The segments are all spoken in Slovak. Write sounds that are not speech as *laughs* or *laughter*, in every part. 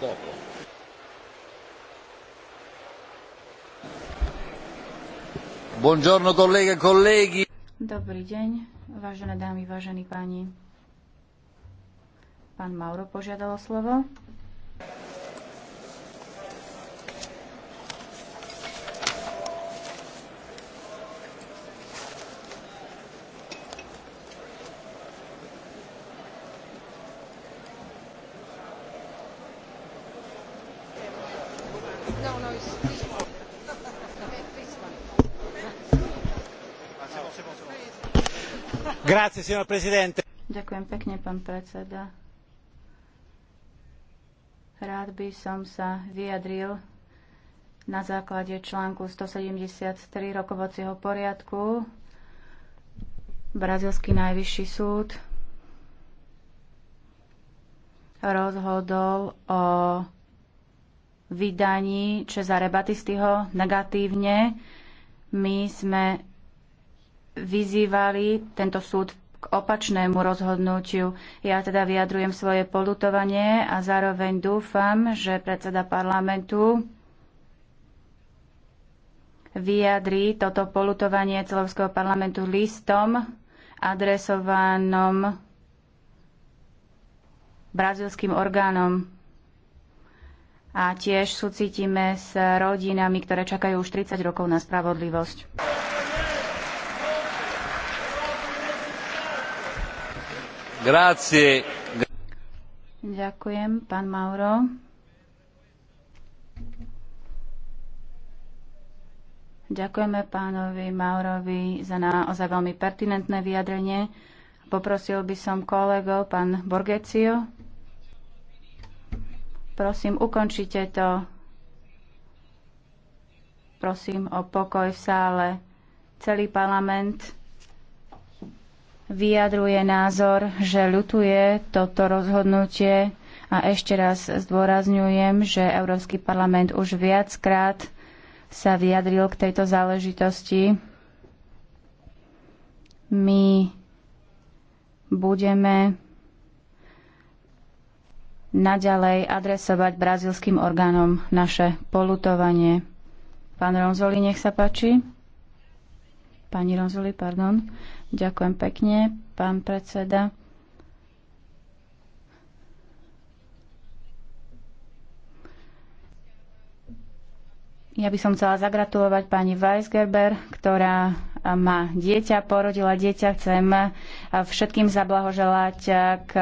dopo. Buongiorno colleghe e colleghi. Dobrý deň, vážené dámy, vážení páni. Pán Mauro požiadal o slovo. No, no, *laughs* Grazie, signor Presidente. Ďakujem pekne, pán predseda. Rád by som sa vyjadril na základe článku 173 rokovacieho poriadku. Brazilský najvyšší súd rozhodol o vydaní Čezare Batistyho negatívne. My sme vyzývali tento súd k opačnému rozhodnutiu. Ja teda vyjadrujem svoje polutovanie a zároveň dúfam, že predseda parlamentu vyjadrí toto polutovanie celovského parlamentu listom adresovanom brazilským orgánom a tiež súcitíme s rodinami, ktoré čakajú už 30 rokov na spravodlivosť. Grazie. Ďakujem, pán Mauro. Ďakujeme pánovi Maurovi za naozaj veľmi pertinentné vyjadrenie. Poprosil by som kolegov, pán Borgecio. Prosím, ukončite to. Prosím o pokoj v sále. Celý parlament vyjadruje názor, že ľutuje toto rozhodnutie a ešte raz zdôrazňujem, že Európsky parlament už viackrát sa vyjadril k tejto záležitosti. My budeme naďalej adresovať brazilským orgánom naše polutovanie. Pán Ronzoli, nech sa páči. Pani Ronzoli, pardon. Ďakujem pekne, pán predseda. Ja by som chcela zagratulovať pani Weisgerber, ktorá má dieťa, porodila dieťa. Chcem všetkým zablahoželať k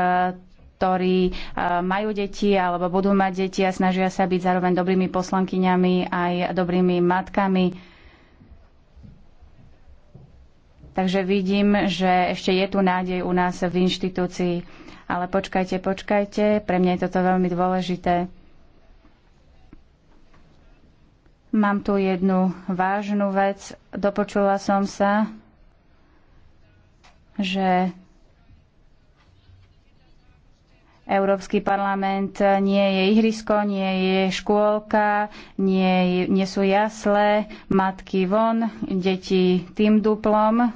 ktorí e, majú deti alebo budú mať deti a snažia sa byť zároveň dobrými poslankyňami aj dobrými matkami. Takže vidím, že ešte je tu nádej u nás v inštitúcii. Ale počkajte, počkajte, pre mňa je toto veľmi dôležité. Mám tu jednu vážnu vec. Dopočula som sa, že Európsky parlament nie je ihrisko, nie je škôlka, nie, nie sú jasle, matky von, deti tým duplom.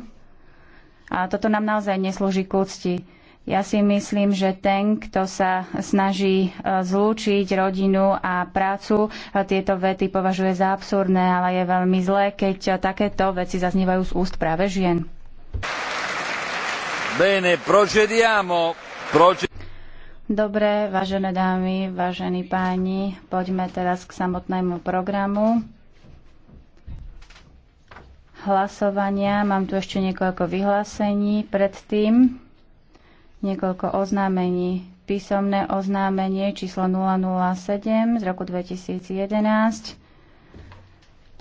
A toto nám naozaj neslúži k úcti. Ja si myslím, že ten, kto sa snaží e, zlúčiť rodinu a prácu, e, tieto vety považuje za absurdné, ale je veľmi zlé, keď e, takéto veci zaznievajú z úst práve žien. Bene, procediamo. Dobre, vážené dámy, vážení páni, poďme teraz k samotnému programu hlasovania. Mám tu ešte niekoľko vyhlásení predtým, niekoľko oznámení. Písomné oznámenie číslo 007 z roku 2011.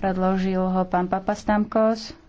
Predložil ho pán Papastamkos.